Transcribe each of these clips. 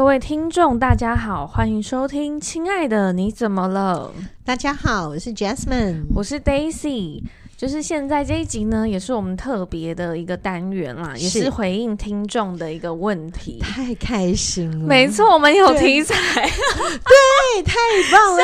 各位聽眾，大家好，歡迎收聽，親愛的，你怎麼了？大家好，我是 Jasmine，我是 Daisy。就是現在這一集呢，也是我們特別的一個單元啦，是也是回應聽眾的一個問題。太開心了！沒錯，我們有題材，對， 對太棒了！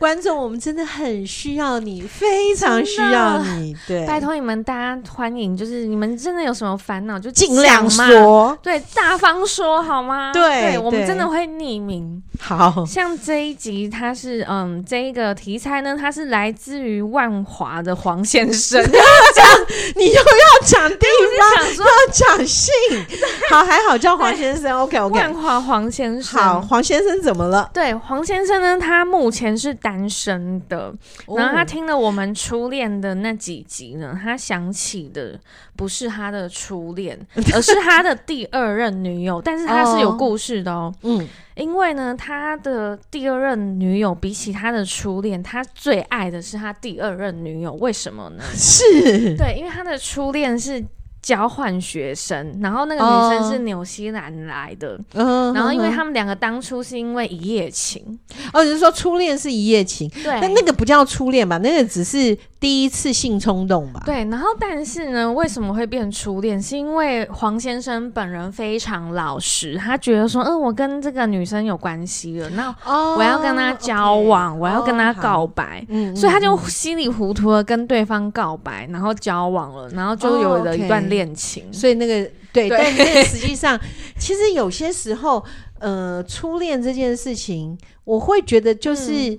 觀眾，我們真的很需要你，非常需要你。對，拜託你們，大家歡迎。就是你們真的有什麼煩惱，就盡量說，對，大方說好嗎？對，對，對我們真的會匿名。好像這一集它是嗯，這一個題材呢，它是來自於萬華的黃先先生，講你又要講地方，又要講姓。 好，還好叫黃先生 ，OK，OK，、okay, okay. 萬華黃先生，好，黃先生怎麼了？對，黃先生呢，他目前是單身的，然後他聽了我們初戀的那幾集呢，他想起的不是他的初戀，而是他的第二任女友， 但是他是有故事的哦，oh, 嗯。因為呢，他的第二任女友比起他的初戀，他最愛的是他第二任女友。為什麼呢？是 對，因為他的初戀是。交換學生，然後那個女生是紐西蘭來的，嗯，然後因為他們兩個、嗯嗯嗯、個當初是因為一夜情，哦，只、就是說初戀是一夜情？對，但那個不叫初戀吧？那個只是第一次性衝動吧？對，然後但是呢，為什麼會變初戀？是因為黃先生本人非常老實，他覺得說，呃、嗯，我跟這個女生有關係了，那我要跟她交往、哦，我要跟她、哦、告白、哦嗯，所以他就稀里糊塗的跟對方告白，然後交往了，然後就有了一段戀。哦戀情，所以那個對，對，但那個實際上， 其實有些時候，呃，初戀這件事情，我會覺得就是，嗯、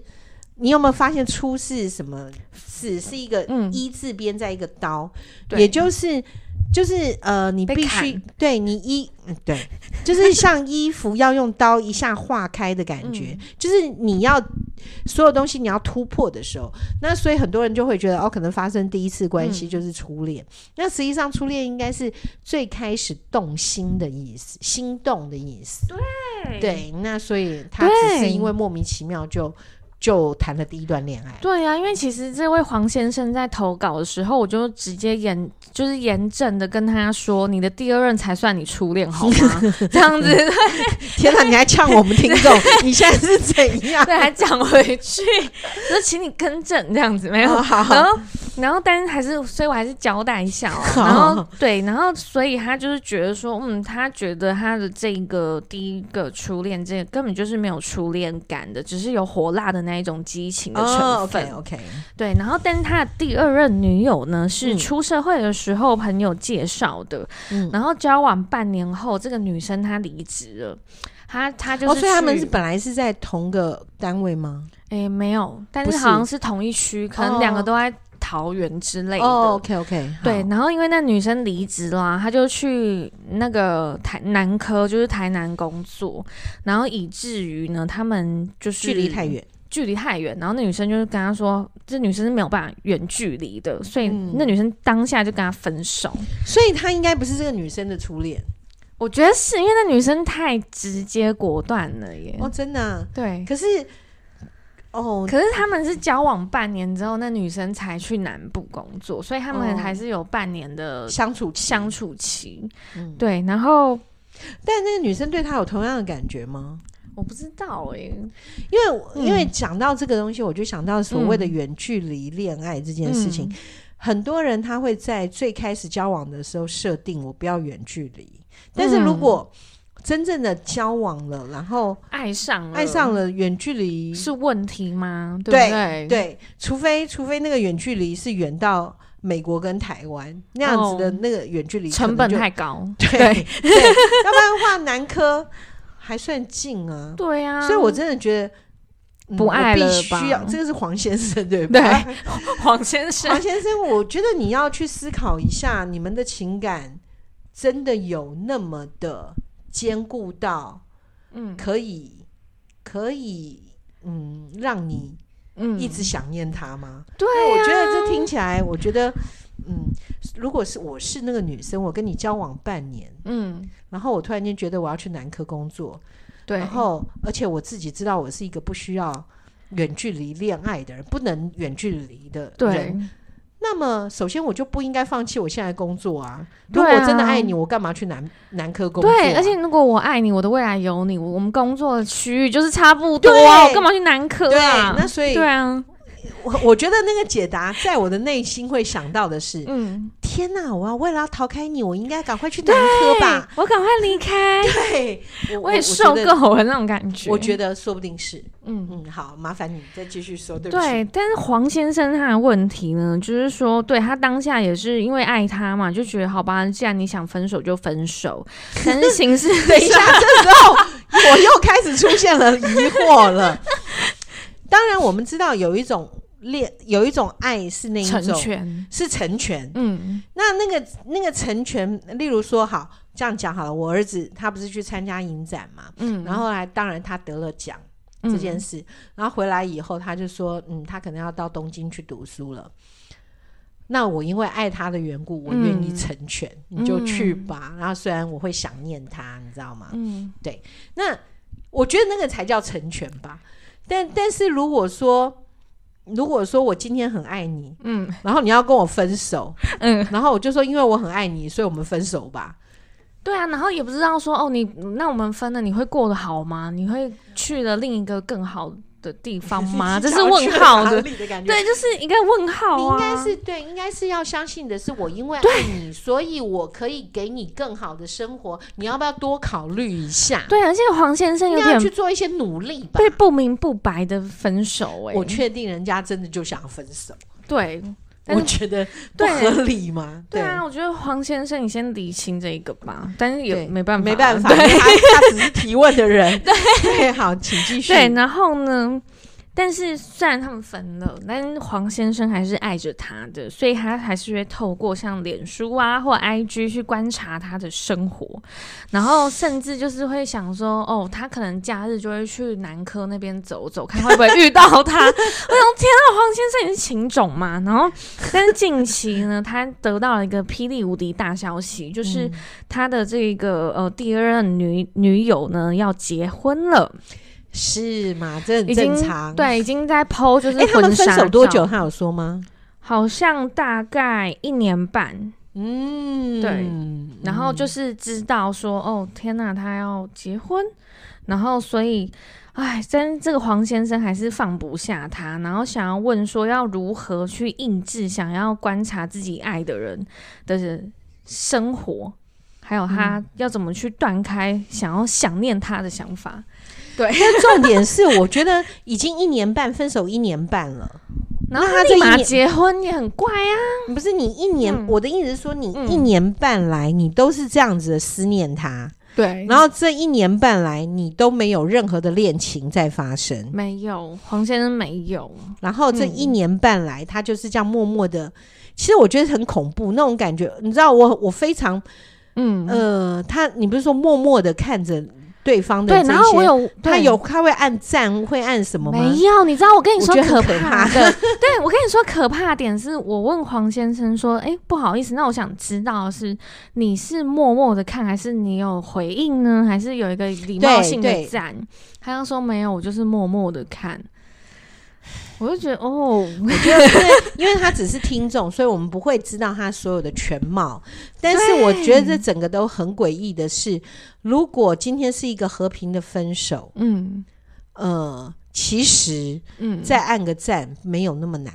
你有沒有發現，初是什麼，是是，是一個“衣”字邊，在一個刀，嗯、也就是。就是呃，你必須對你衣、嗯、對，就是像衣服要用刀一下劃開的感覺， 就是你要所有東西你要突破的時候，那所以很多人就會覺得哦，可能發生第一次關係就是初戀、嗯。那實際上初戀應該是最開始動心的意思，心動的意思。對對，那所以他只是因為莫名其妙就。就談了第一段戀愛。對呀、啊，因為其實這位黃先生在投稿的時候，我就直接嚴就是嚴正的跟他說：“你的第二任才算你初戀，好嗎？” 這樣子。天哪、啊，你還嗆我們聽眾？你現在是怎樣？對，還講回去，就請你更正這樣子，沒有好。Oh, 然後，oh. 然後，但是還是，所以我還是交代一下哦、喔。Oh. 然後，對，然後，所以他就是覺得說，嗯，他覺得他的這一個第一個初戀、這個，這根本就是沒有初戀感的，只是有火辣的、那。個那一種激情的成分、oh, okay，OK，對。然後，但是他的第二任女友呢，是出社會的時候朋友介紹的、嗯。然後交往半年後，這個女生她離職了，她她就是、oh, 所以他們是本來是在同個單位嗎？哎、欸，沒有，但是好像是同一區，可能兩個都在桃園之類的。Oh, OK OK，對。然後因為那女生離職啦，她就去那個台南科，就是台南工作。然後以至於呢，他們就是距離太遠。距離太遠，然後那女生就是跟他說，這女生是沒有辦法遠距離的，所以那女生當下就跟他分手。嗯、所以他應該不是這個女生的初戀，我覺得是因為那女生太直接果斷了耶。哦，真的、啊，對。可是，哦，可是他們是交往半年之後，那女生才去南部工作，所以他們還是有半年的相處、嗯、相處期、嗯。對，然後，但那個女生對他有同樣的感覺嗎？我不知道哎、欸，因為、嗯、因為講到這個東西，我就想到所謂的遠距離戀愛這件事情、嗯嗯，很多人他會在最開始交往的時候設定我不要遠距離、嗯，但是如果真正的交往了，然後愛上了，愛上了遠距離是問題嗎？對對，對，對，除非除非那個遠距離是遠到美國跟台灣、哦、那樣子的那個遠距離，成本太高，對，對對 要不然話南科。還算近啊，對呀、啊，所以我真的覺得、嗯、不愛了了必須要，這個是黃先生對吧對？黃先生， 黃先生，我覺得你要去思考一下，你們的情感真的有那麼的堅固到，嗯，可以，可以，嗯，讓你嗯一直想念他嗎？嗯、對、啊，我覺得這聽起來，我覺得。嗯，如果是我是那個女生，我跟你交往半年，嗯，然後我突然間覺得我要去南科工作，對，然後而且我自己知道我是一個不需要遠距離戀愛的人，不能遠距離的人，那麼首先我就不應該放棄我現在工作啊。啊如果我真的愛你，我幹嘛去南南科工作，啊？對，而且如果我愛你，我的未來有你，我們工作的區域就是差不多，對我幹嘛去南科啊對？那所以對啊。我我覺得那個解答，在我的內心會想到的是，嗯，天哪！我要為了要逃開你，我應該趕快去南科吧，我趕快離開。對，我， 對，我，我，我，我也受夠了那種感覺。我覺得說不定是，嗯嗯，好，麻煩你再繼續說。對不，對。但是黃先生他的問題呢，就是說，對他當下也是因為愛他嘛，就覺得好吧，既然你想分手就分手，可是形式 等一下，這時候我又開始出現了疑惑了。 當然，我們知道有一種戀，有一種愛是那一種，成全，是成全。嗯，那那個那個成全，例如說好，好這樣講好了。我兒子他不是去參加影展嘛，嗯，然後來，當然他得了獎這件事，嗯，然後回來以後他就說，嗯，他可能要到東京去讀書了。那我因為愛他的緣故，我願意成全，嗯，你就去吧，嗯。然後雖然我會想念他，你知道嗎？嗯，對。那我覺得那個才叫成全吧。但但是，如果說如果說我今天很愛你，嗯，然後你要跟我分手，嗯，然後我就說，因為我很愛你，所以我們分手吧。嗯、對啊，然後也不知道說哦，你那我們分了，你會過得好嗎？你會去了另一個更好的地方嗎？ 這是問號的，對，就是一個問號啊你應，應該是對，應該是要相信的是我，因為愛你，所以我可以給你更好的生活。你要不要多考慮一下？對啊，而且黃先生有點不不、欸、要去做一些努力吧。被不明不白的分手，欸，我確定人家真的就想分手。對。嗯，我覺得不合理嗎？對啊，我覺得黃先生，你先理清這個吧。但是也沒辦法，沒辦法，對他, 他只是提問的人。 對,對，好，請繼續。對，然後呢？但是，雖然他們分了，但黃先生還是愛着他的，所以他還是會透過像臉書啊或 IG 去觀察他的生活，然後甚至就是會想說，哦，他可能假日就會去南科那邊走走，看會不會遇到他。 我想天啊，黃先生也是情種嘛！然後，但是近期呢，他得到了一個霹靂無敵大消息，就是他的這個呃第二任女女友呢要結婚了。是嗎？這很正常。對，已經在剖，就是、欸、他們分手多久？他有說嗎？好像大概一年半。嗯，對。嗯、然後就是知道說，哦，天哪，啊，他要結婚。然後所以，哎，真這個黃先生還是放不下他，然後想要問說，要如何去抑制想要觀察自己愛的人的生活，還有他要怎麼去斷開想要想念他的想法。對，那重點是， 我覺得已經一年半，分手一年半了， 然後他這一年，然後他立馬結婚也很怪啊。不是你一年，嗯、我的意思是說，你一年半來、嗯、你都是這樣子的思念他，對。然後這一年半來你都沒有任何的戀情在發生，嗯、沒有，黃先生沒有。然後這一年半來、嗯、他就是這樣默默的，其實我覺得很恐怖那種感覺，你知道我，我非常嗯呃，他你不是說默默的看着。對方的對，然後我有他有他會按讚會按什麼嗎？沒有，你知道我跟你說可怕的，我覺得可怕的 對，我跟你說可怕的點是我問黃先生說，哎、欸，不好意思，那我想知道是你是默默的看還是你有回應呢？還是有一個禮貌性的讚？他剛說沒有，我就是默默的看。我就覺得哦，我覺得是因為因為他只是聽眾，所以我們不會知道他所有的全貌。但是我覺得這整個都很詭異的是，如果今天是一個和平的分手，嗯呃，其實嗯，再按個讚沒有那麼難，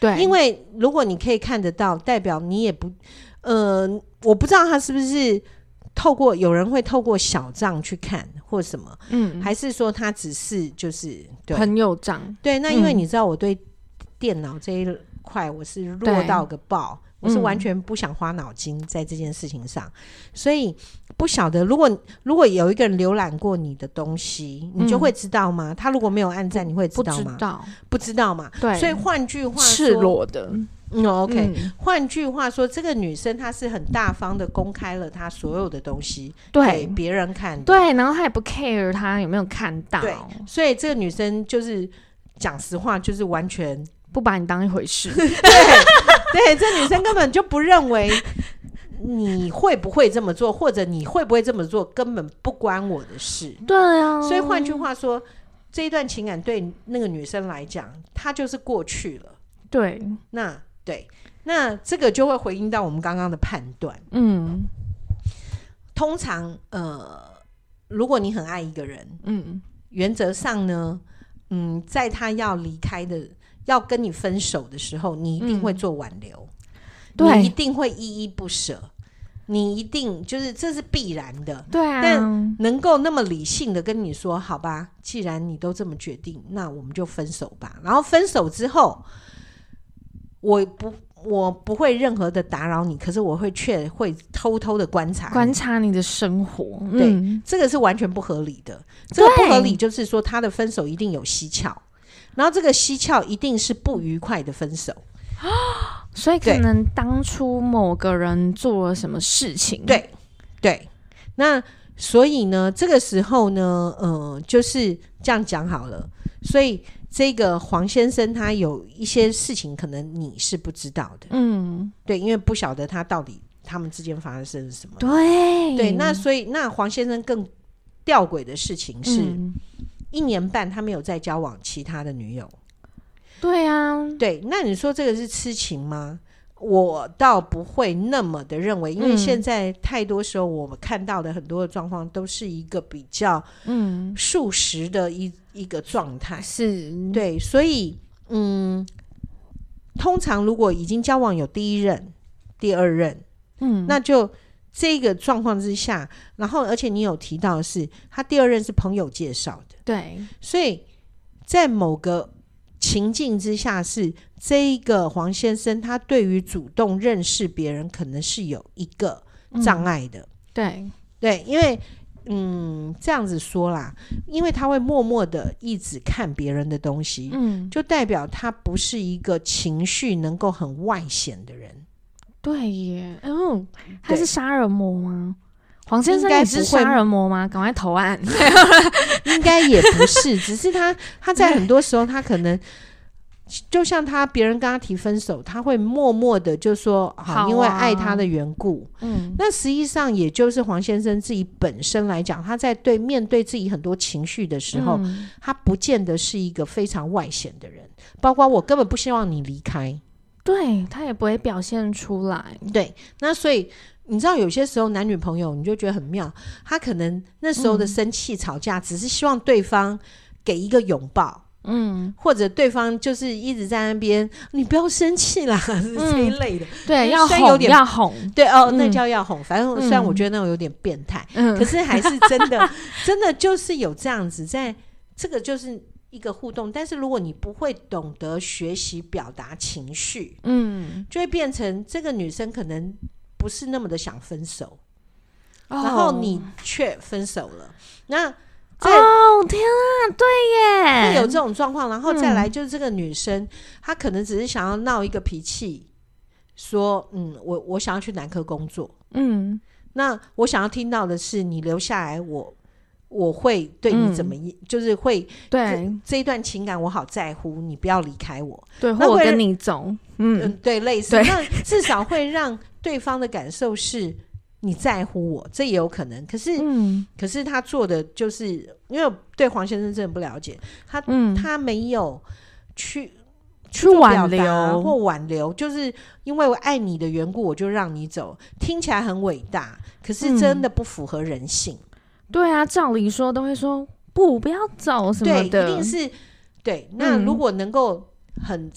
對，因為如果你可以看得到，代表你也不，呃，我不知道他是不是。透過有人會透過小賬去看或什麼，嗯，還是說他只是就是朋友帳？對，那因為你知道我對電腦這一塊、嗯、我是弱到個爆，我是完全不想花腦筋在這件事情上，嗯、所以不曉得，如果如果有一個人瀏覽過你的東西，你就會知道嗎？嗯、他如果沒有按讚，你會知道嗎？不知道。不知道嘛？對，所以換句話說，赤裸的。No、嗯、OK、嗯。換句話說，這個女生她是很大方的，公開了她所有的東西給別人看的，對，然後她也不 care 她有沒有看到。對，所以這個女生就是講實話，就是完全不把你當一回事。 對，對，這女生根本就不認為你會不會這麼做， 或者你會不會這麼做，根本不關我的事。對啊。所以換句話說，這一段情感對那個女生來講，她就是過去了。對，那。對，那這個就會回應到我們剛剛的判斷、嗯。嗯，通常呃，如果你很愛一個人，嗯，原則上呢，嗯，在他要離開的、要跟你分手的時候，你一定會做挽留，對、嗯，一定會依依不捨，你一定就是這是必然的，對啊。但能夠那麼理性的跟你說，好吧，既然你都這麼決定，那我們就分手吧。然後分手之後。我不，我不會任何的打擾你，可是我會卻會偷偷的觀察，觀察你的生活，嗯。對，這個是完全不合理的。這個不合理就是說，他的分手一定有蹊蹺，然後這個蹊蹺一定是不愉快的分手。哦，所以可能當初某個人做了什麼事情。對，對。那所以呢，這個時候呢，呃，就是這樣講好了。所以這個黃先生他有一些事情可能你是不知道的，嗯，對，因為不曉得他到底他們之間發生了什麼。對對，那所以那黃先生更吊詭的事情是，嗯，一年半他沒有再交往其他的女友。對啊，對，那你說這個是痴情嗎？我倒不會那麼的認為，因為現在太多時候我們看到的很多的狀況都是一個比較嗯務實的一一個狀態，是、嗯、對，所以嗯，通常如果已經交往有第一任、第二任，嗯，那就這個狀況之下，然後而且你有提到是他第二任是朋友介紹的，對，所以在某個情境之下是。這一個黃先生，他對於主動認識別人，可能是有一個障礙的。嗯、對對，因為嗯，這樣子說啦，因為他會默默的一直看別人的東西，嗯，就代表他不是一個情緒能夠很外顯的人。對耶，對，嗯，他是殺人魔嗎？黃先生，你是殺人魔嗎？趕快投案！應該也不是， 只是他他在很多時候，他可能。就像他，別人跟他提分手，他會默默的就說：“啊、好、啊，因為愛他的緣故。”嗯，那實際上也就是黃先生自己本身來講，他在對面對自己很多情緒的時候、嗯，他不見得是一個非常外顯的人。包括我根本不希望你離開，對，他也不會表現出來。對，那所以你知道，有些時候男女朋友你就覺得很妙，他可能那時候的生氣吵架、嗯，只是希望對方給一個擁抱。嗯，或者對方就是一直在那邊，你不要生氣啦，嗯、是這一類的，對、嗯，要哄，要哄，對哦，嗯、那叫要哄。反正雖然我覺得那種有點變態、嗯，可是還是真的、嗯，真的就是有這樣子在，在、嗯、這個就是一個互動。 但是如果你不會懂得學習表達情緒，嗯，就會變成這個女生可能不是那麼的想分手，哦、然後你卻分手了，那。哦、oh, 天啊，對耶！有這種狀況，然後再來就是這個女生，嗯、她可能只是想要鬧一個脾氣，說嗯，我我想要去南科工作，嗯，那我想要聽到的是你留下來我，我我會對你怎麼，嗯、就是會對這，這一段情感我好在乎，你不要離開我，對，那我跟你走，嗯，嗯對，類似，那至少會讓對方的感受是。你在乎我，這也有可能。可是，嗯、可是他做的就是，因為對黃先生真的不了解，他、嗯、他沒有去去挽留或挽留，就是因為我愛你的緣故，我就讓你走。聽起來很偉大，可是真的不符合人性。嗯、對啊，照理說都會說不，不要走什麼的，一定是對。那如果能夠很、嗯、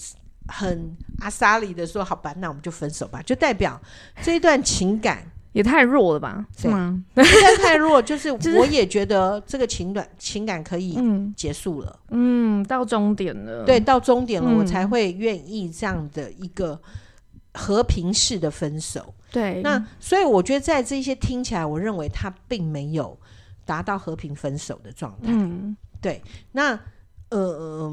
很阿莎力的說，好吧，那我們就分手吧，就代表這一段情感。 也太弱了吧？是嗎？真、嗯、的太，太弱， 就是我也覺得這個情感情感可以結束了，嗯，到終點了。對，到終點了、嗯，我才會願意這樣的一個和平式的分手。對，那所以我覺得在這些聽起來，我認為他並沒有達到和平分手的狀態、嗯。對。那呃，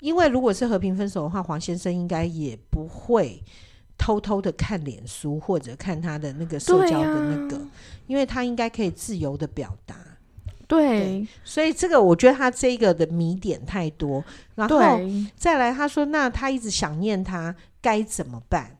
因為如果是和平分手的話，黃先生應該也不會。偷偷的看臉書或者看他的那個社交的那個、啊，因為他應該可以自由的表達。對，所以這個我覺得他這個的謎點太多。然後再來，他說：“那他一直想念他該怎麼辦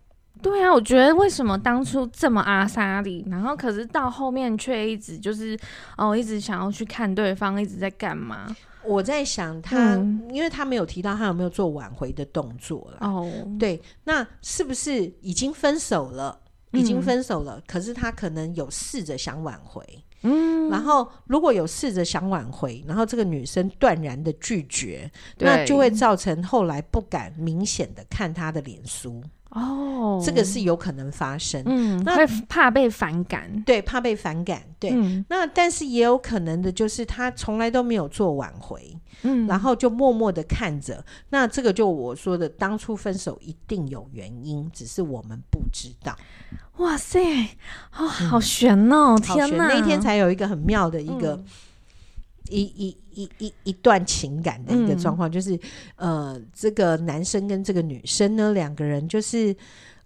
對？”對啊，我覺得為什麼當初這麼阿莎力，然後可是到後面卻一直就是哦，一直想要去看對方一直在幹嘛？我在想他、嗯，因為他沒有提到他有沒有做挽回的動作了。哦，對，那是不是已經分手了？嗯、已經分手了，可是他可能有試着想挽回、嗯。然後如果有試着想挽回，然後這個女生斷然的拒絕，那就會造成後來不敢明顯的看他的臉書。哦、oh，這個是有可能發生。嗯，那會怕被反感，對，怕被反感，對。嗯、那但是也有可能的，就是他從來都沒有做挽回，嗯，然後就默默的看着。那這個就我說的，當初分手一定有原因，只是我們不知道。哇塞，哦，嗯、好懸哦，天哪！那天才有一個很妙的一個。嗯一一一一一段情感的一個狀況，嗯，就是，呃，這個男生跟這個女生呢，兩個人就是，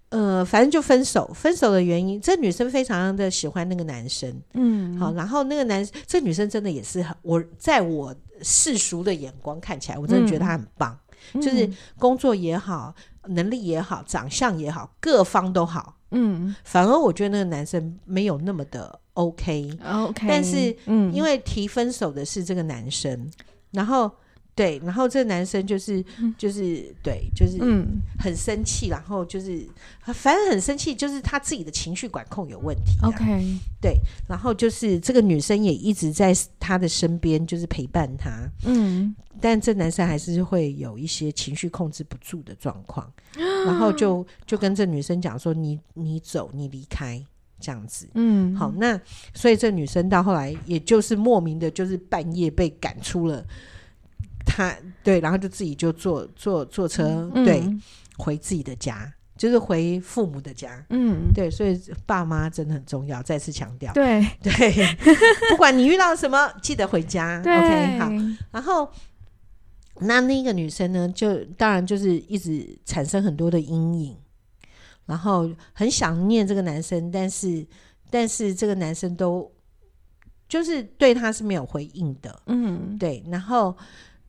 呃，反正就分手。分手的原因，這個女生非常的喜歡那個男生，嗯，好，然後那個男，這個女生真的也是很，我在我世俗的眼光看起來，我真的覺得她很棒，嗯，就是工作也好，能力也好，長相也好，各方都好。嗯，反而我覺得那個男生沒有那麼的 OK，OK，但是嗯，因為提分手的是這個男生，嗯、然後。對，然後這男生就是就是對，就是很生氣，嗯、然後就是反正很生氣，就是他自己的情緒管控有問題啊。OK，對，然後就是這個女生也一直在他的身邊，就是陪伴他。嗯，但這男生還是會有一些情緒控制不住的狀況，然後就就跟這女生講說你：“你你走，你離開，這樣子。”嗯，好，那所以這女生到後來也就是莫名的，就是半夜被趕出了。他對，然後就自己就坐坐坐車，嗯、對、嗯，回自己的家，就是回父母的家。嗯，對，所以爸媽真的很重要。再次強調，對對， 不管你遇到什麼，記得回家，對。OK，好。然後，那那個女生呢，就當然就是一直產生很多的陰影，然後很想念這個男生，但是但是這個男生都就是對他是沒有回應的。嗯，對，然後。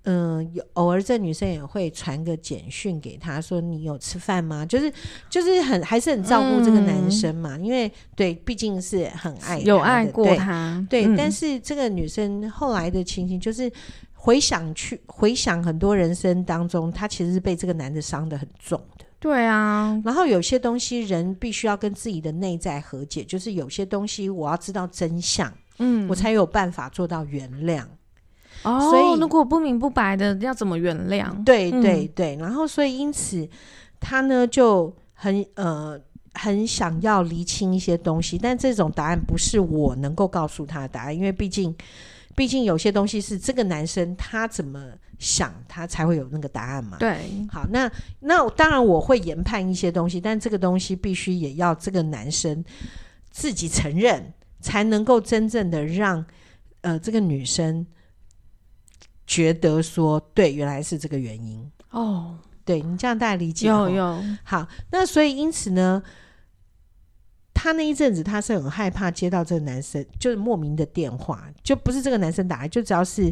嗯，有偶爾這女生也會傳個簡訊給他說：“你有吃飯嗎？”就是就是很還是很照顧這個男生嘛，嗯、因為對畢竟是很愛有愛過他，對,對、嗯。但是這個女生後來的情形，就是回想去回想很多人生當中，她其實是被這個男的傷得很重的。對啊，然後有些東西人必須要跟自己的內在和解，就是有些東西我要知道真相，嗯，我才有辦法做到原諒。哦，所以如果不明不白的要怎麼原諒？對對對，嗯，然後所以因此他呢就很呃，很想要釐清一些東西，但這種答案不是我能夠告訴他的答案，因為畢竟畢竟有些東西是這個男生他怎麼想，他才會有那個答案嘛。對，好，那那當然我會研判一些東西，但這個東西必須也要這個男生自己承認，才能夠真正的讓呃，這個女生。覺得說對，原來是這個原因哦。對，你這樣大概理解有有，好，那所以因此呢，他那一陣子他是很害怕接到這個男生，就是莫名的電話，就不是這個男生打來，就只要是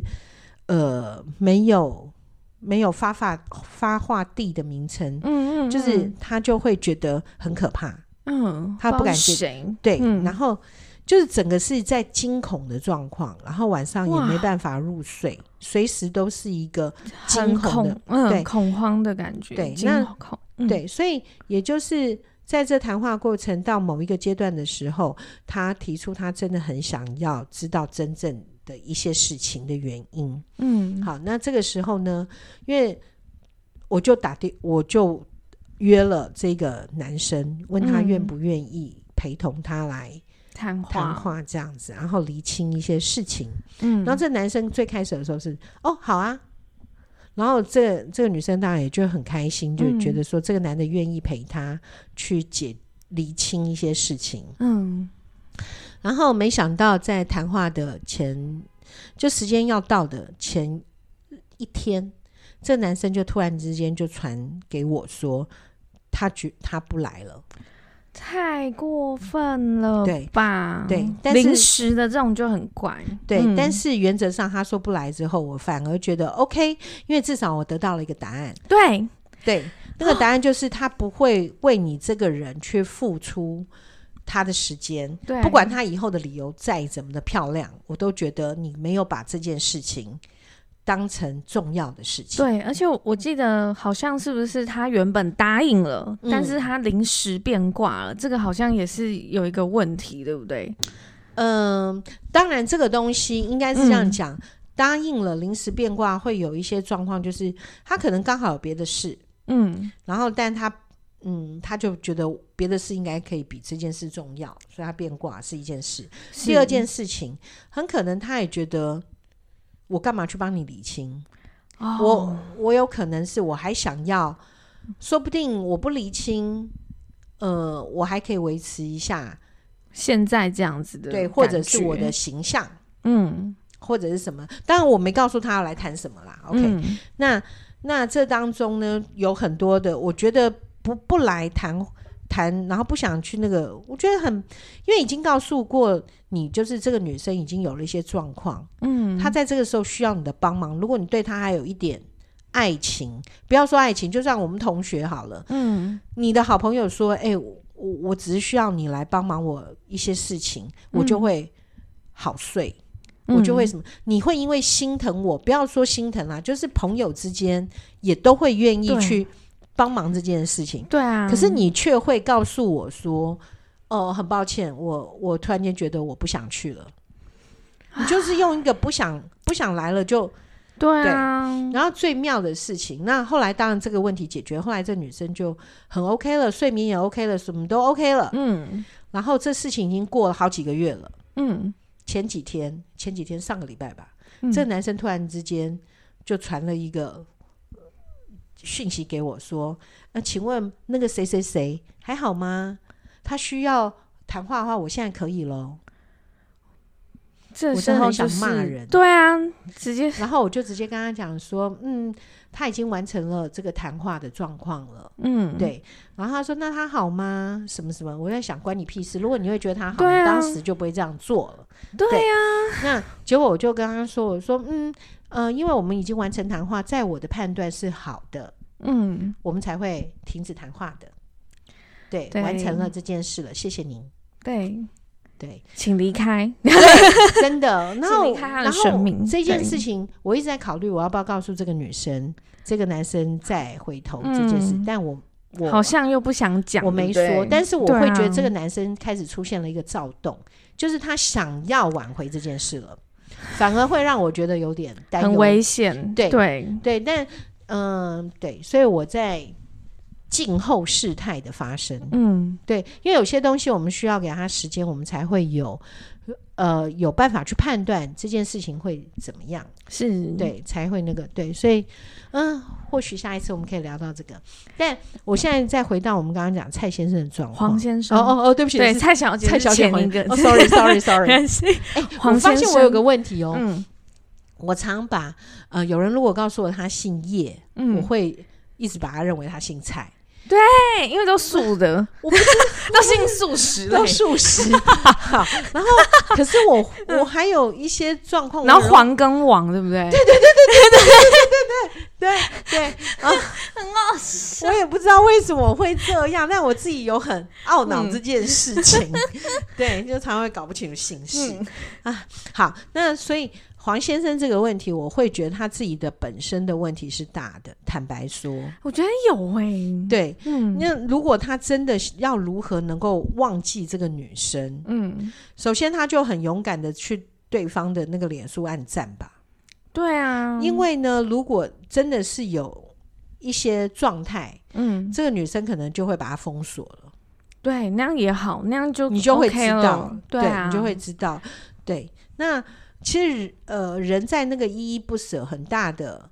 呃沒有沒有發發發話地的名稱，嗯，嗯嗯，就是他就會覺得很可怕，嗯，他不敢接，對、嗯，然後。就是整個是在驚恐的狀況，然後晚上也沒辦法入睡，隨時都是一個驚恐的、恐慌、嗯、的感覺。對，驚恐那、嗯。對，所以也就是在這談話過程到某一個階段的時候，他提出他真的很想要知道真正的一些事情的原因。嗯，好，那這個時候呢，因為我就打電，我就約了這個男生，問他願不願意陪同他來。嗯談話，話這樣子，然後釐清一些事情。嗯，然後這男生最開始的時候是，哦，好啊，然後這個、這個女生當然也就很開心，就覺得說這個男的願意陪她去解釐清一些事情。嗯，然後沒想到在談話的前就時間要到的前一天，這男生就突然之間就傳給我說他覺他不來了。太過分了吧？對，對，但是臨時的這種就很怪。對，嗯，但是原則上他說不來之後，我反而覺得 OK，因為至少我得到了一個答案。對，對，那個答案就是他不會為你這個人去付出他的時間，哦。不管他以後的理由再怎麼的漂亮，我都覺得你沒有把這件事情。當成重要的事情，對，而且我記得好像是不是他原本答應了，嗯、但是他臨時變卦了，這個好像也是有一個問題，對不對？嗯、呃，當然這個東西應該是這樣講、嗯，答應了臨時變卦會有一些狀況，就是他可能剛好有別的事，嗯，然後但他嗯他就覺得別的事應該可以比這件事重要，所以他變卦是一件事。是。第二件事情，很可能他也覺得。我幹嘛去幫你理清？Oh, 我我有可能是，我還想要，說不定我不理清，呃，我還可以維持一下現在這樣子的，對，或者是我的形象，嗯，或者是什麼？但我沒告訴他要來談什麼啦。嗯、OK，那那這當中呢，有很多的，我覺得不不來談。談，然後不想去那個，我覺得很，因為已經告訴過你，就是這個女生已經有了一些狀況，嗯，她在這個時候需要你的幫忙。如果你對她還有一點愛情，不要說愛情，就算我們同學好了，嗯，你的好朋友說，哎、欸，我我，我只是需要你來幫忙我一些事情，嗯、我就會好睡、嗯，我就會什麼，你會因為心疼我，不要說心疼啊。’就是朋友之間也都會願意去。幫忙這件事情，對啊，可是你卻會告訴我說，哦，很抱歉，我我突然間覺得我不想去了，你就是用一個不想不想來了就，對啊，對，然後最妙的事情，那後來當然這個問題解決，後來這女生就很 OK 了，睡眠也 OK 了，什麼都 OK 了，嗯，然後這事情已經過了好幾個月了，嗯，前幾天前幾天上個禮拜吧，嗯，這男生突然之間就傳了一個。訊息給我說，那、呃、請問那個誰誰誰還好嗎？他需要談話的話，我現在可以咯。我真的很想罵人，就是，對啊，直接，然後我就直接跟他講說，嗯，他已經完成了這個談話的狀況了，嗯，對。然後他說，那他好嗎？什麼什麼？我在想，關你屁事！如果你會覺得他好，啊、你當時就不會這樣做了。對啊，對，那結果我就跟他說，我說，嗯。嗯、呃，因為我們已經完成談話，在我的判斷是好的，嗯，我們才會停止談話的，對。對，完成了這件事了，謝謝您。對對，請離開。真的，那我請離開他的生命，然後這件事情，我一直在考慮，我要不要告訴這個女生，這個男生再回頭這件事？嗯、但我我好像又不想講，我沒說，但是我會覺得這個男生開始出現了一個躁動，啊、就是他想要挽回這件事了。反而會讓我覺得有點擔憂，很危險。對對對，但嗯、呃，對，所以我在靜候事態的發生。嗯，對，因為有些東西我們需要給它時間，我們才會有。呃，有辦法去判斷這件事情會怎麼樣？是，對，才會那個，對，所以，嗯、呃，或許下一次我們可以聊到這個。但我現在再回到我們剛剛講蔡先生的狀況，黃先生，哦哦哦，對不起，對蔡小姐，蔡小姐，黃先生，哦，sorry，sorry，sorry。哎，黃先生，我發現我有個問題哦，嗯、我常把呃，有人如果告訴我他姓葉，嗯、我會一直把他認為他姓蔡。對，因為都素的我，我不是 都進素食的都素食。好，然後可是我 、嗯、我還有一些狀況，然後黃跟黃對不對？ 對對對對對對對對對對對啊！很 懊，嗯、 我也不知道為什麼會這樣， 但我自己有很懊惱這件事情。嗯、 對，就常常會搞不清楚形勢啊。好，那所以。黃先生這個問題，我會覺得他自己的本身的問題是大的。坦白說，我覺得有哎、欸。對，嗯，那如果他真的要如何能夠忘記這個女生，嗯，首先他就很勇敢的去對方的那個臉書按讚吧。對啊，因為呢，如果真的是有一些狀態，嗯，這個女生可能就會把他封鎖了。對，那樣也好，那樣就、OK、你就會知道對、啊，對，你就會知道，對，那。其實，呃，人在那個依依不捨很大的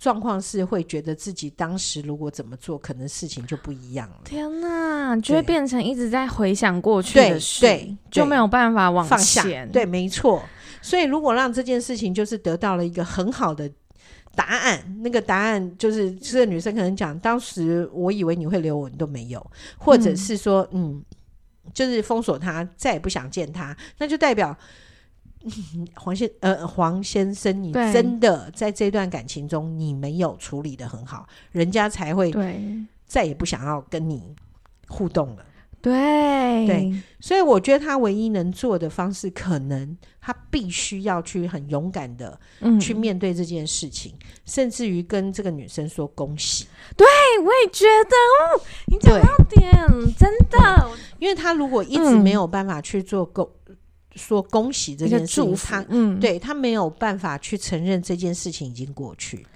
狀況，是會覺得自己當時如果怎麼做，可能事情就不一樣了。天哪，就會變成一直在回想過去的事，對對對，就沒有辦法往前。對，對，沒錯。所以，如果讓這件事情就是得到了一個很好的答案，那個答案就是這個女生可能講，當時我以為你會留我，你都沒有，或者是說，嗯，嗯，就是封鎖她，再也不想見她，那就代表。黃先呃，黃先生，你真的在這段感情中，你沒有處理得很好，人家才會再也不想要跟你互動了。對對，所以我覺得他唯一能做的方式，可能他必須要去很勇敢的去面對這件事情，嗯、甚至於跟這個女生說恭喜。對，我也覺得哦，你講要點，真的，因為他如果一直沒有辦法去做夠。嗯說恭喜這件事，一個祝福，嗯，對他沒有辦法去承認這件事情已經過去。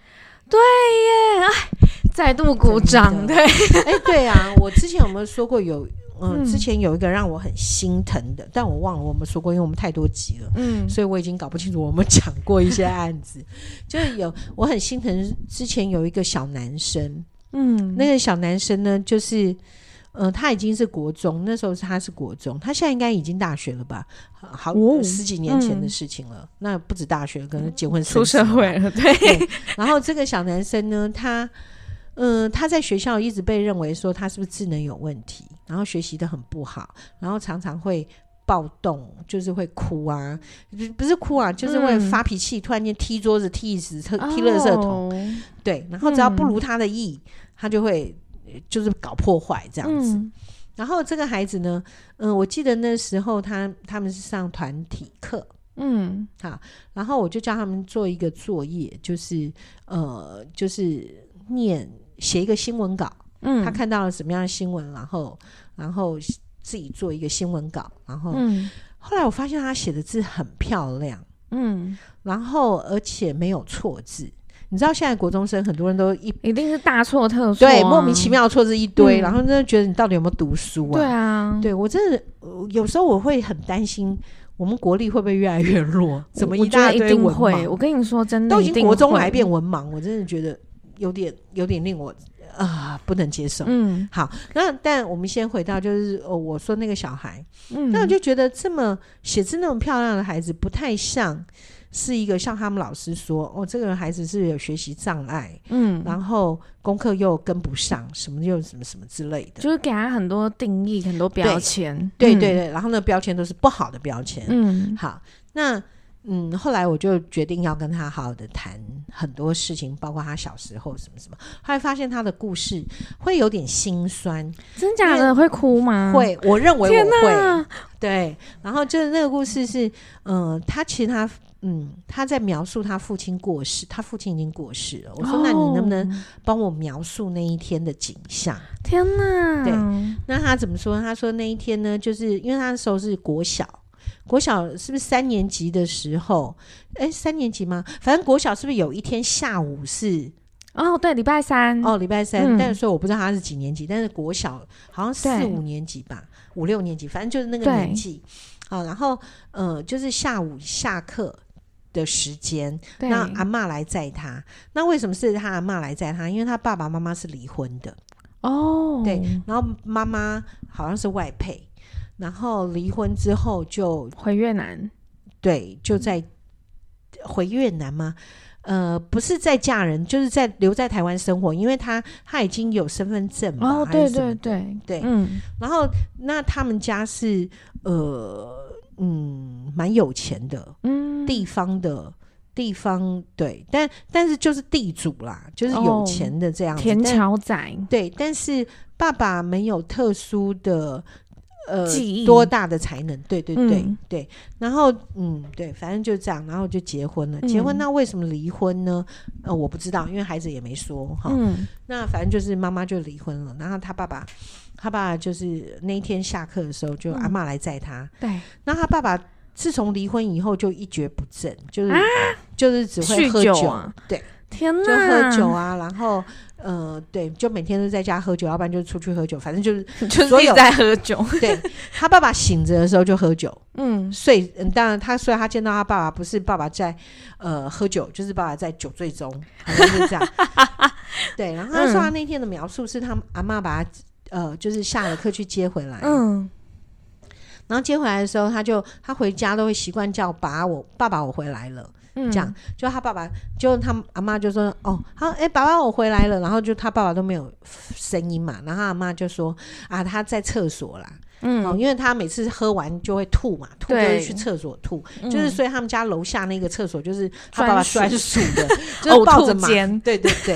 對耶，再度鼓掌。對，哎、欸，對啊，我之前有沒有說過有、呃？嗯，之前有一個讓我很心疼的，但我忘了我們說過，因為我們太多集了，嗯，所以我已經搞不清楚我們講過一些案子，就是有我很心疼。之前有一個小男生，嗯，那個小男生呢，就是。嗯、呃，他已經是國中，那時候他是國中，他現在應該已經大學了吧？好、哦呃、十幾年前的事情了、嗯，那不止大學，可能結婚出社會了。對、嗯，然後這個小男生呢，他，嗯、呃，他在學校一直被認為說他是不是智能有問題，然後學習的很不好，然後常常會暴動，就是會哭啊，不不是哭啊，就是會發脾氣、嗯，突然間踢桌子、踢椅子、踢垃圾桶、哦，對，然後只要不如他的意，嗯、他就會。就是搞破壞這樣子，嗯，然後這個孩子呢，嗯、呃，我記得那時候他他們是上團體課，嗯，哈、啊，然後我就叫他們做一個作業，就是呃，就是念寫一個新聞稿，嗯，他看到了什麼樣的新聞，然後然後自己做一個新聞稿，然後、嗯、後來我發現他寫的字很漂亮，嗯，然後而且沒有錯字。你知道現在國中生很多人都一一定是大錯特錯、啊，對莫名其妙錯這一堆、嗯，然後真的覺得你到底有沒有讀書啊？對啊，對，我真的有時候我會很擔心，我們國力會不會越來越弱？怎麼一大堆文盲？我，我跟你說真的一定會，都已經國中還變文盲，我真的覺得有點有點令我啊、呃、不能接受。嗯，好，那但我們先回到就是哦，我說那個小孩，嗯，那我就覺得這麼寫字那麼漂亮的孩子不太像。是一個像他們老師說哦，這個人孩子是有學習障礙，嗯，然後功課又跟不上，什麼又什麼什麼之類的，就是給他很多定義、很多標籤，對、嗯、對，對對，然後那個標籤都是不好的標籤，嗯，好，那嗯，後來我就決定要跟他好好的談很多事情，包括他小時候什麼什麼，後來發現他的故事會有點心酸，真假的會哭嗎？會，我認為我會，對，然後就是那個故事是，嗯、呃，他其實他。嗯，他在描述他父親過世，他父親已經過世了。我說：“那你能不能幫我描述那一天的景象？”天哪，對。那他怎麼說？他說那一天呢，就是因為他的時候是國小，國小是不是三年級的時候？哎，三年級嗎？反正國小是不是有一天下午是？哦，對，禮拜三，哦，禮拜三。嗯、但是說我不知道他是幾年級，但是國小好像四五年級吧，五六年級，反正就是那個年紀。好，然後呃，就是下午下課的時間，那阿嬤來載他。那為什麼是他阿嬤來載他？因為他爸爸媽媽是離婚的哦。Oh. 對，然後媽媽好像是外配，然後離婚之後就回越南。對，就在、嗯、回越南嗎？呃，不是在嫁人，就是在留在台灣生活，因為他他已經有身份證嘛。哦、oh，對對對對，嗯。然後那他們家是呃。嗯，蠻有錢的，嗯，地方的地方，對，但但是就是地主啦，就是有錢的這樣子，哦，田僑仔，對，但是爸爸沒有特殊的呃記憶，多大的才能，對對對、嗯、對，然後嗯，對，反正就這樣，然後就結婚了，嗯、結婚，那為什麼離婚呢？呃，我不知道，因為孩子也沒說哈，嗯，那反正就是媽媽就離婚了，然後他爸爸。他爸爸就是那一天下課的時候就，就阿嬤來載他。對，那他爸爸自從離婚以後就一蹶不振，就是、啊、就是只會喝酒。酒啊、對，天吶，就喝酒啊，然後呃，對，就每天都在家喝酒，要不然就出去喝酒，反正就是所有就一直在喝酒。對，他爸爸醒着的時候就喝酒，嗯，睡、嗯、當然他雖然他見到他爸爸不是爸爸在呃喝酒，就是爸爸在酒醉中，好像是這樣。 對，然後他說他那天的描述是他阿嬤把他。呃，就是下了課去接回來，嗯，然後接回來的時候，他就他回家都會習慣叫爸，我、我爸爸我回來了，這樣、嗯、就他爸爸就他阿媽就說哦，好哎、欸，爸爸我回來了，然後就他爸爸都沒有聲音嘛，然後他阿媽就說啊，他在廁所啦。嗯、哦，因為他每次喝完就會吐嘛，吐就是去廁所吐、嗯，就是所以他們家樓下那個廁所就是他爸爸摔死的， 就是嘔吐間。 著 對對對，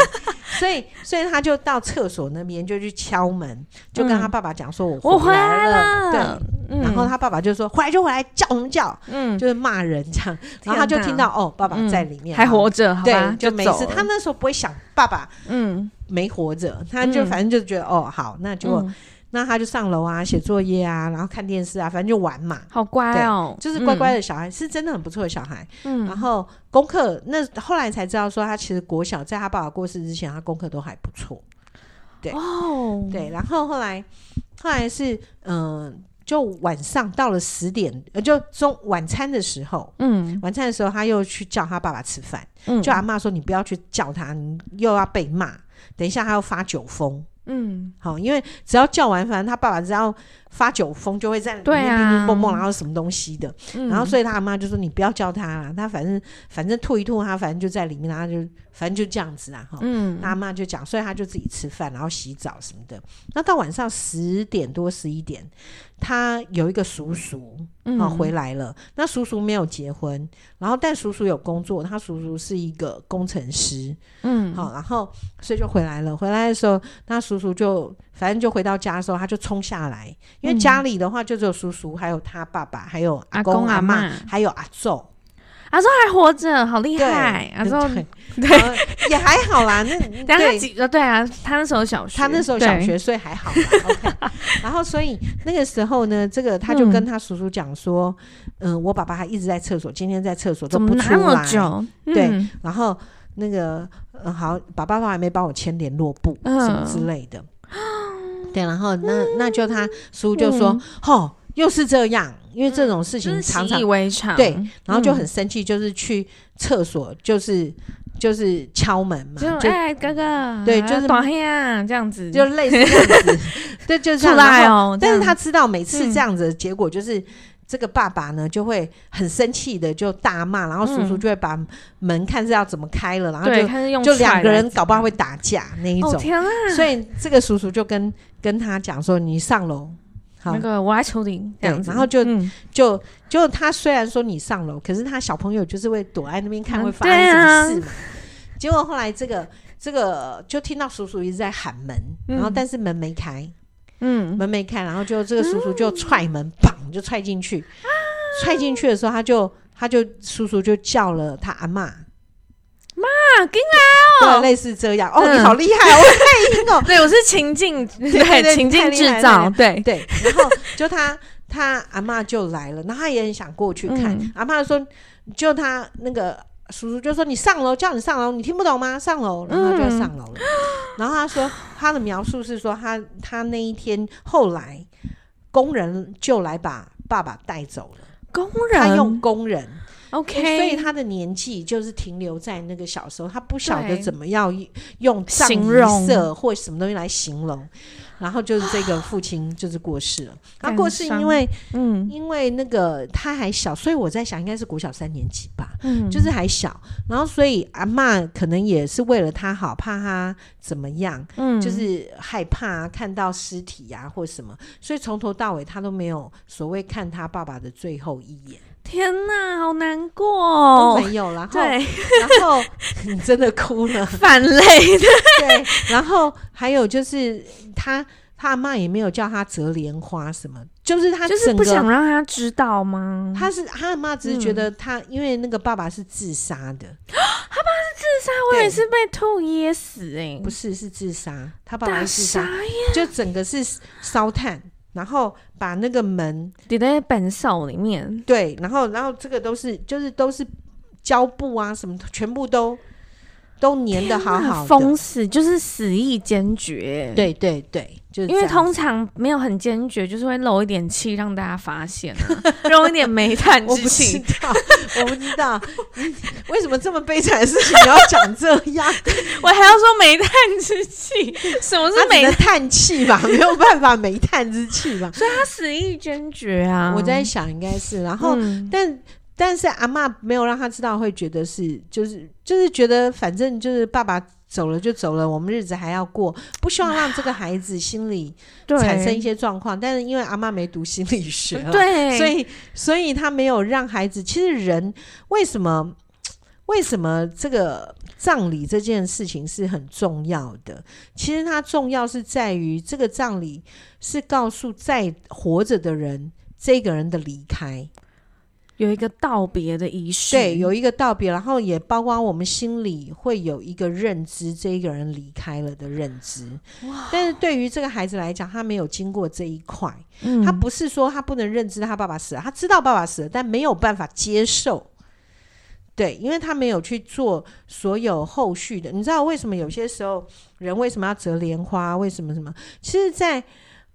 所以所以他就到廁所那邊就去敲門、嗯，就跟他爸爸講說我活：“我回來了。對”對、嗯，然後他爸爸就說：“回來就回來，叫什麼叫？嗯，就是罵人這樣。啊”然後他就聽到、啊、哦，爸爸在裡面、嗯、還活着，對，就每次他那時候不會想爸爸，嗯，沒活着，他就反正就覺得、嗯、哦，好，那就。嗯那他就上樓啊，寫作業啊，然後看電視啊，反正就玩嘛。好乖哦，就是乖乖的小孩、嗯，是真的很不錯的小孩。嗯，然後功課那後來才知道說，他其實國小在他爸爸過世之前，他功課都還不錯。對哦，對。然後後來後來是嗯、呃，就晚上到了十點，就中晚餐的時候，嗯，晚餐的時候他又去叫他爸爸吃飯。嗯，就阿媽說你不要去叫他，你又要被罵，等一下他要發酒瘋。嗯，好，因為只要叫完，反正他爸爸只要發酒瘋就會在裡面叮叮蹦蹦，然後什麼東西的，嗯、然後所以他阿媽就說：“你不要叫他啦，嗯、他反正反正吐一吐他，他反正就在裡面，他就反正就這樣子啊。”哈，嗯，他阿媽就講，所以他就自己吃飯，然後洗澡什麼的。那到晚上十點多、十一點，他有一個叔叔啊、嗯哦、回來了。那叔叔沒有結婚，然後但叔叔有工作，他叔叔是一個工程師。嗯，好、哦，然後所以就回來了。回來的時候，那叔叔就反正就回到家的時候，他就衝下來。因為家裡的話，就只有叔叔，還有他爸爸，還有阿公阿嬤，還有阿祖，阿祖還活着，好厲害，對阿祖、嗯呃、也還好啦。那 對他幾呃對啊，他那時候小學，他那時候小學所以還好啦。Okay、 然後所以那個時候呢，這個他就跟他叔叔講說，嗯、呃，我爸爸還一直在廁所，今天在廁所都不出來怎麼那麼久、嗯。對，然後那個、呃、好，爸爸爸都還沒幫我簽聯絡簿、嗯、什麼之類的。對，然後那、嗯、那就他叔就說、嗯：“吼，又是這樣，因為這種事情常常、嗯就是、習以為常。對”對、嗯，然後就很生氣，就是去廁所，就是就是敲門嘛，就哎、欸、哥哥，對，啊、就是短黑啊這樣子，就類似這樣子， 就是出來哦。但是他知道每次這樣子的、嗯、結果就是。這個爸爸呢，就會很生氣的就大罵，然後叔叔就會把門看是要怎麼開了，然後就就兩個人搞不好會打架那一種。所以這個叔叔就跟跟他講說：“你上樓，好，那個我來求你這樣子。”然後就就就，就就就他雖然說你上樓，可是他小朋友就是會躲在那邊看會發生什麼事嘛。結果後來這個，這個這個就聽到叔叔一直在喊門，然後但是門沒開。嗯，門沒開，然後就這個叔叔就踹門，嗯、砰就踹進去。踹進去的時候他，他就他就叔叔就叫了他阿媽，媽，進來哦，類似這樣、嗯。哦，你好厲害，我在聽哦。嗯、哦哦 對，我是情境對，對，對情境製造，對對。然後就他他阿媽就來了，然後他也很想過去看。阿、嗯、媽、啊、說，就他那個叔叔就說你上樓，叫你上樓，你聽不懂嗎？上樓，然後他就上樓了、嗯。然後他說。他的描述是說他，他他那一天後來，工人就來把爸爸帶走了。工人，他用工人，OK。所以他的年紀就是停留在那個小時候，他不曉得怎麼樣用葬儀社或什麼東西來形容。然後就是這個父親就是過世了，他、啊、過世因為，嗯，因為那個他還小，所以我在想應該是國小三年級吧，嗯，就是還小，然後所以阿嬤可能也是為了他好，怕他怎麼樣，嗯，就是害怕看到屍體呀、啊、或什麼，所以從頭到尾他都沒有所謂看他爸爸的最後一眼。天吶，好難過哦，都沒有了。對，然後 你真的哭了，反淚。對，然後 還有就是他，他阿媽也沒有叫他折蓮花什麼，就是他就是不想讓他知道嗎？他是他阿媽只是覺得他、嗯，因為那個爸爸是自殺的，他 爸、欸、爸爸是自殺，我也是被吐噎死，欸，不是是自殺，他爸爸是自殺，就整個是燒炭。然後把那個門疊在板手裡面，對，然後，然後這個都是就是都是膠布啊，什麼全部都。都粘的好好的，封死就是死意堅決。對對對，就是因為通常沒有很堅決，就是會漏一點氣讓大家發現，啊，漏 一點煤炭之氣。我不知道，我不知道 為什麼這麼悲慘的事情要講這樣， 我還要說煤炭之氣，什麼是煤炭氣吧？煤氣沒有辦法，煤炭之氣吧。 所以他死意堅決啊！我在想應，應該是然後、嗯、但。但是阿媽沒有讓他知道，會覺得是就是就是覺得反正就是爸爸走了就走了，我們日子還要過，不希望讓這個孩子心裡產生一些狀況。但是因為阿媽沒讀心理學了，對，所以所以他沒有讓孩子。其實人為什麼為什麼這個葬禮這件事情是很重要的？其實它重要是在於這個葬禮是告訴在活着的人這個人的離開。有一個道別的儀式，對，有一個道別，然後也包括我們心裡會有一個認知，這一個人離開了的認知。哇！但是對於這個孩子來講，他沒有經過這一塊、嗯，他不是說他不能認知他爸爸死了，他知道爸爸死了，但沒有辦法接受。對，因為他沒有去做所有後續的。你知道為什麼有些時候人為什麼要折蓮花？為什麼什麼？其實，在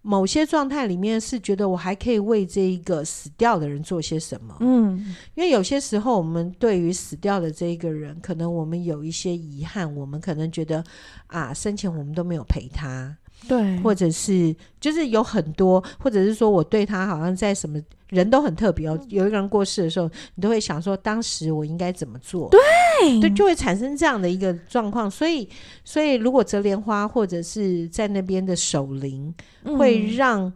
某些狀態裡面是覺得我還可以為這一個死掉的人做些什麼，嗯，因為有些時候我們對於死掉的這一個人，可能我們有一些遺憾，我們可能覺得啊，生前我們都沒有陪他。對，或者是就是有很多，或者是說我對他好像在什麼人都很特別哦。有一個人過世的時候，你都會想說當時我應該怎麼做？對，就會產生這樣的一個狀況。所以，所以如果折蓮花或者是在那邊的守靈，嗯。會讓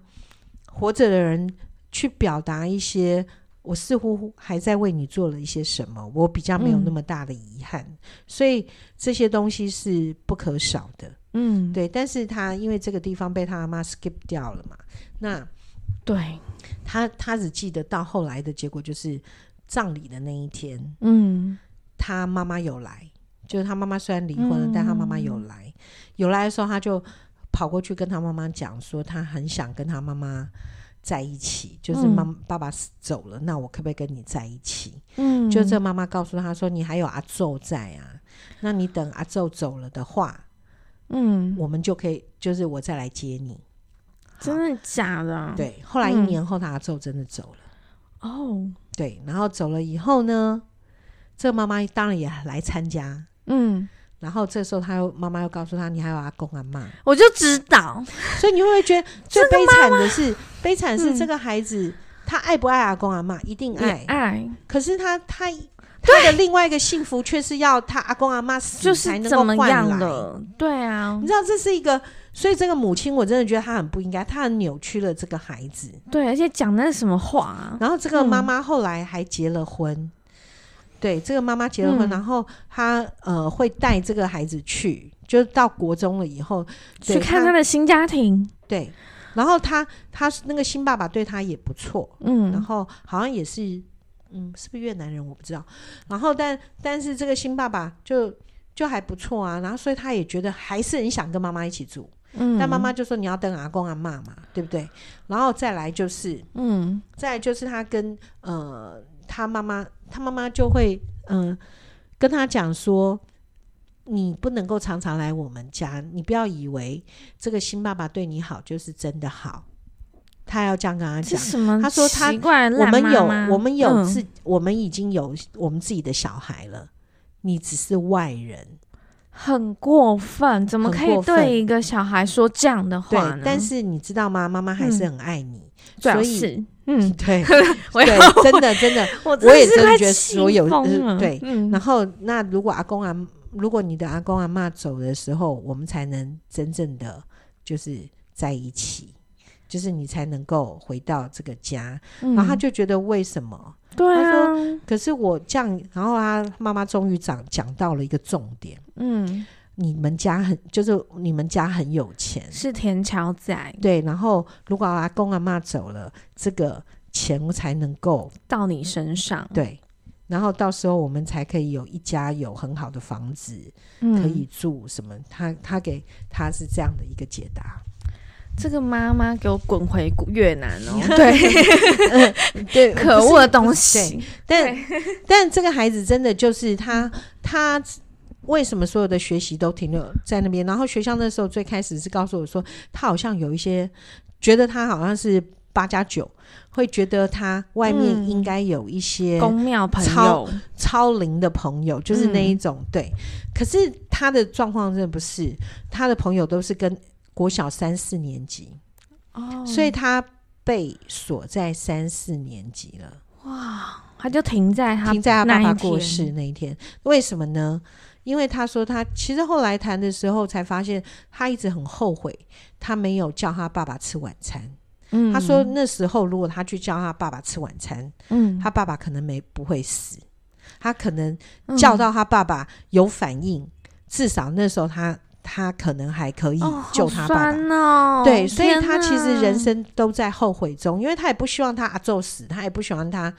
活着的人去表達一些我似乎還在為你做了一些什麼，我比較沒有那麼大的遺憾。嗯。所以這些東西是不可少的。嗯，對，但是他因為這個地方被他媽媽 skip 掉了嘛，那對他，他只記得到後來的結果就是葬禮的那一天。嗯，他媽媽有來，就是他媽媽雖然離婚了，嗯、但他媽媽有來。有來的時候，他就跑過去跟他媽媽講說，他很想跟他媽媽在一起。就是媽、嗯、爸爸走了，那我可不可以跟你在一起？嗯，就這媽媽告訴他說，你還有阿宙在啊，那你等阿宙走了的話。嗯，我們就可以，就是我再來接你。真的假的？對，後來一年後，嗯、他就真的走了。哦，對，然後走了以後呢，這個媽媽當然也來參加。嗯，然後這時候他又媽媽又告訴他，你還有阿公阿嬤。我就知道，所以你會不會覺得最悲慘的是，這個、媽媽悲慘是這個孩子、嗯、他愛不愛阿公阿嬤？一定愛，愛,愛。可是他他。對，他的另外一個幸福卻是要他阿公阿媽死才能夠換來。對啊，你知道這是一個，所以這個母親我真的覺得她很不應該，她很扭曲了這個孩子。對，而且講的是什麼話啊？然後這個媽媽後來還結了婚。對，這個媽媽結了婚，然後她呃會帶這個孩子去，就到國中了以後去看他的新家庭。對，然後他他那個新爸爸對他也不錯，嗯，然後好像也是。嗯，是不是越南人？我不知道。然後但，但但是這個新爸爸就就還不錯啊。然後，所以他也覺得還是很想跟媽媽一起住。嗯。但媽媽就說：“你要等阿公阿嬤嘛，對不對？”然後再來就是，嗯，再來就是他跟呃他媽媽，他媽媽就會嗯、呃、跟他講說：“你不能夠常常來我們家，你不要以為這個新爸爸對你好就是真的好。”他要這樣跟他講，他說他奇怪，我們有我們有自、嗯，我們已經有我們自己的小孩了，你只是外人，很過分，怎麼可以對一個小孩說這樣的話呢？對，但是你知道嗎？媽媽還是很愛你，嗯、所以對是嗯，對， 對，真的真的， 我，真的我也是 覺得所有的、 呃。對，嗯、然後那如果阿公啊，如果你的阿公阿媽走的時候，我們才能真正的就是在一起。就是你才能夠回到這個家，嗯，然後他就覺得為什麼？對啊，他說可是我這樣，然後他媽媽終於講講到了一個重點，嗯，你們家很就是你們家很有錢，是田僑仔。對，然後如果阿公阿媽走了，這個錢才能夠到你身上，對，然後到時候我們才可以有一家有很好的房子，嗯、可以住，什麼？他他給他是這樣的一個解答。這個媽媽給我滾回越南哦！對， 嗯、對，可惡的東西。但但這個孩子真的就是他， 他為什麼所有的學習都停留在那邊？然後學校那時候最開始是告訴我說，他好像有一些覺得他好像是八加九，會覺得他外面應該有一些宮、嗯、廟朋友、超齡的朋友，就是那一種。嗯、對，可是他的狀況真的不是，他的朋友都是跟。國小三四年級，oh, 所以他被鎖在三四年級了。哇，他就停在他停在他爸爸過世那一天，那一天。為什麼呢？因為他說他其實後來談的時候才發現，他一直很後悔，他沒有叫他爸爸吃晚餐，嗯。他說那時候如果他去叫他爸爸吃晚餐，嗯，他爸爸可能沒不會死，他可能叫到他爸爸有反應，嗯，至少那時候他。他可能還可以救他爸爸。哦哦，對，啊，所以他其實人生都在後悔中，因為他也不希望他阿宙死，他也不希望他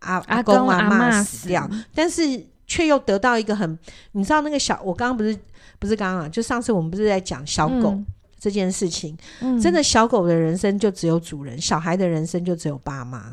阿阿公阿媽死掉，阿阿死，但是卻又得到一個很，你知道那個小，我剛剛不是不是剛剛啊，就上次我們不是在講小狗這件事情，嗯嗯，真的小狗的人生就只有主人，小孩的人生就只有爸媽。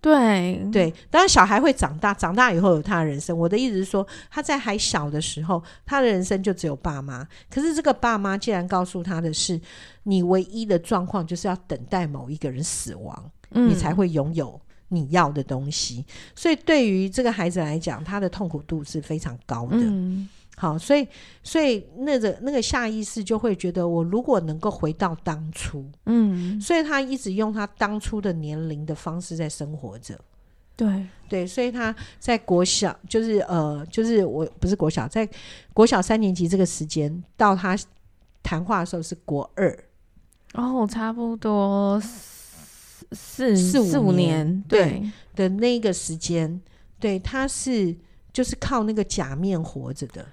對對，當然小孩會長大，長大以後有他的人生。我的意思是說，他在還小的時候，他的人生就只有爸媽。可是這個爸媽既然告訴他的是，你唯一的狀況就是要等待某一個人死亡，你才會擁有你要的東西。嗯。所以對於這個孩子來講，他的痛苦度是非常高的。嗯。好，所以所以那個那個下意識就會覺得，我如果能夠回到當初，嗯，所以他一直用他當初的年齡的方式在生活着，對對，所以他在國小就是呃就是我不是國小，在國小三年級這個時間到他談話的時候是國二，哦，差不多四四四五年對，對的那個時間，對，他是就是靠那個假面活着的。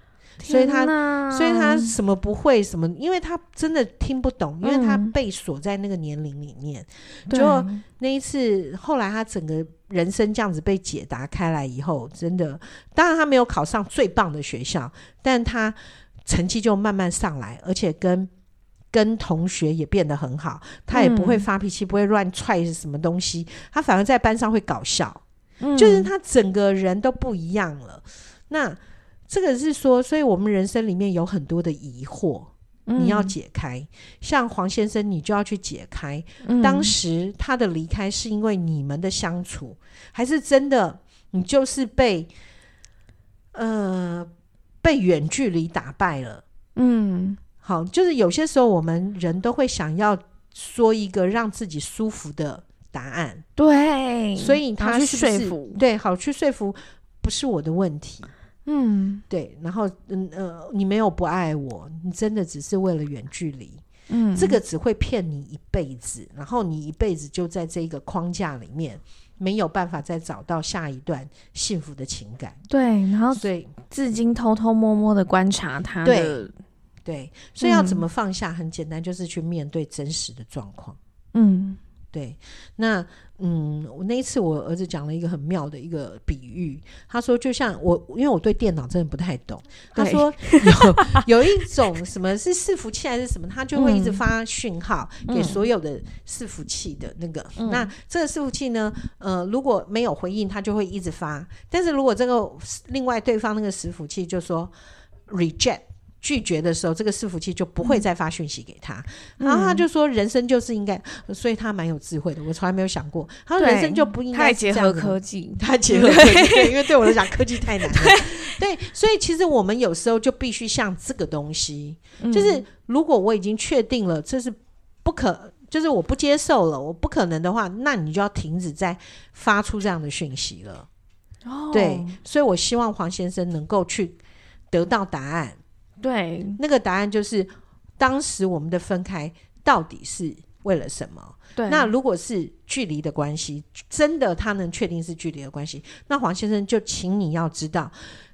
所以他，所以他什麼不會，什麼，因為他真的聽不懂，嗯、因為他被鎖在那個年齡裡面。就那一次，後來他整個人生這樣子被解答開來以後，真的，當然他沒有考上最棒的學校，但他成績就慢慢上來，而且跟跟同學也變得很好。他也不會發脾氣、嗯，不會亂踹什麼東西，他反而在班上會搞笑，嗯、就是他整個人都不一樣了。那。這個是說，所以我們人生裡面有很多的疑惑，嗯、你要解開。像黃先生，你就要去解開、嗯。當時他的離開是因為你們的相處，還是真的你就是被呃被遠距離打敗了？嗯，好，就是有些時候我們人都會想要說一個讓自己舒服的答案。對，所以他去是是、啊、說服，對，好去說服不是我的問題。嗯，對，然後嗯呃，你沒有不愛我，你真的只是為了遠距離，嗯，這個只會騙你一輩子，然後你一輩子就在這個框架裡面，沒有辦法再找到下一段幸福的情感。對，然後所以至今偷偷摸摸的觀察他的。對，對，所以要怎麼放下？嗯，很簡單，就是去面對真實的狀況。嗯。對，那嗯，我那一次我兒子講了一個很妙的一個比喻，他說就像我，因為我對電腦真的不太懂，okay, 他說有 有，有一種什麼是伺服器還是什麼，他就會一直發訊號給所有的伺服器的那個，嗯、那這個伺服器呢，呃如果沒有回應，他就會一直發，但是如果這個另外對方那個伺服器就說 reject。拒絕的時候，這個伺服器就不會再發訊息給他。嗯、然後他就說：“人生就是應該，所以他蠻有智慧的。我從來沒有想過，他說人生就不應該這樣太結合科技，太結合科技，對 對，因為對我來講，科技太難了。 對，對， 對，所以其實我們有時候就必須像這個東西，就是如果我已經確定了這是不可，就是我不接受了，我不可能的話，那你就要停止再發出這樣的訊息了。哦，對，所以我希望黃先生能夠去得到答案。”對，那個答案就是當時我們的分開到底是為了什麼？對，那如果是距離的關係，真的他能確定是距離的關係，那黃先生就請你要知道，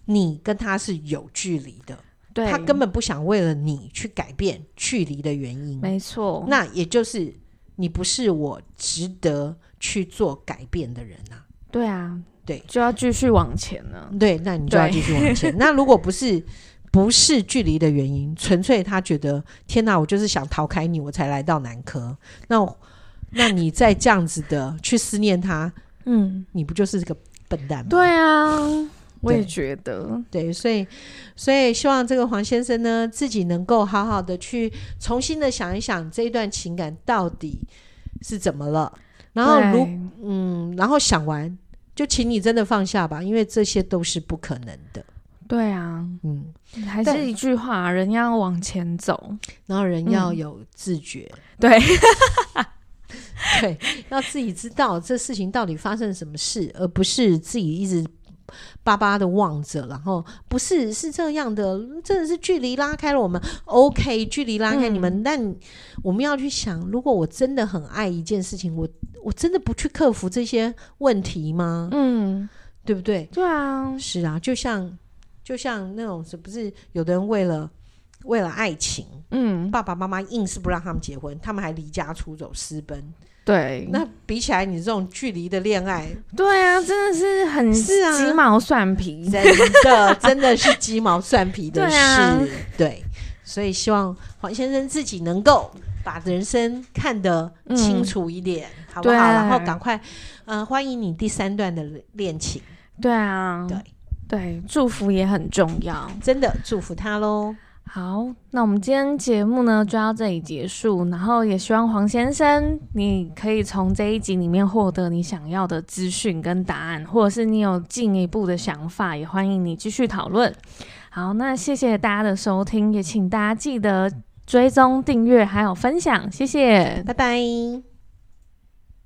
你跟他是有距離的，對，他根本不想為了你去改變距離的原因。沒錯，那也就是你不是我值得去做改變的人吶啊。對啊，對，就要繼續往前了。對，那你就要繼續往前。那如果不是。不是距離的原因，純粹他覺得天哪，我就是想逃開你，我才來到南科。那那你再這樣子的去思念他，嗯，你不就是個笨蛋嗎？對啊，對我也覺得。對，所以所以希望這個黃先生呢，自己能夠好好的去重新的想一想，這一段情感，到底是怎麼了。然後如嗯，然後想完就請你真的放下吧，因為這些都是不可能的。對啊，嗯，還是一句話、啊，人要往前走，然後人要有自覺，嗯、對， 對，要自己知道這事情到底發生什麼事， 而不是自己一直巴巴的望着，然後不是是這樣的，真的是距離拉開了我們，OK，距離拉開你們、嗯，但我們要去想，如果我真的很愛一件事情，我我真的不去克服這些問題嗎？嗯，對不對？對啊，是啊，就像。就像那種是不是有的人為了為了愛情，嗯，爸爸媽媽硬是不讓他們結婚，他們還離家出走私奔。對，那比起來你這種距離的戀愛，對啊，真的是很是雞毛蒜皮的、啊，真的，真的是雞毛蒜皮的事 對、啊。對，所以希望黃先生自己能夠把人生看得清楚一點，嗯、好不好？然後趕快，嗯、呃，歡迎你第三段的戀情。對啊，對。對，祝福也很重要，真的祝福他嘍。好，那我們今天節目呢就到這裡結束，然後也希望黃先生，你可以從這一集裡面獲得你想要的資訊跟答案，或者是你有進一步的想法，也歡迎你繼續討論。好，那謝謝大家的收聽，也請大家記得追蹤、訂閱還有分享，謝謝，拜拜。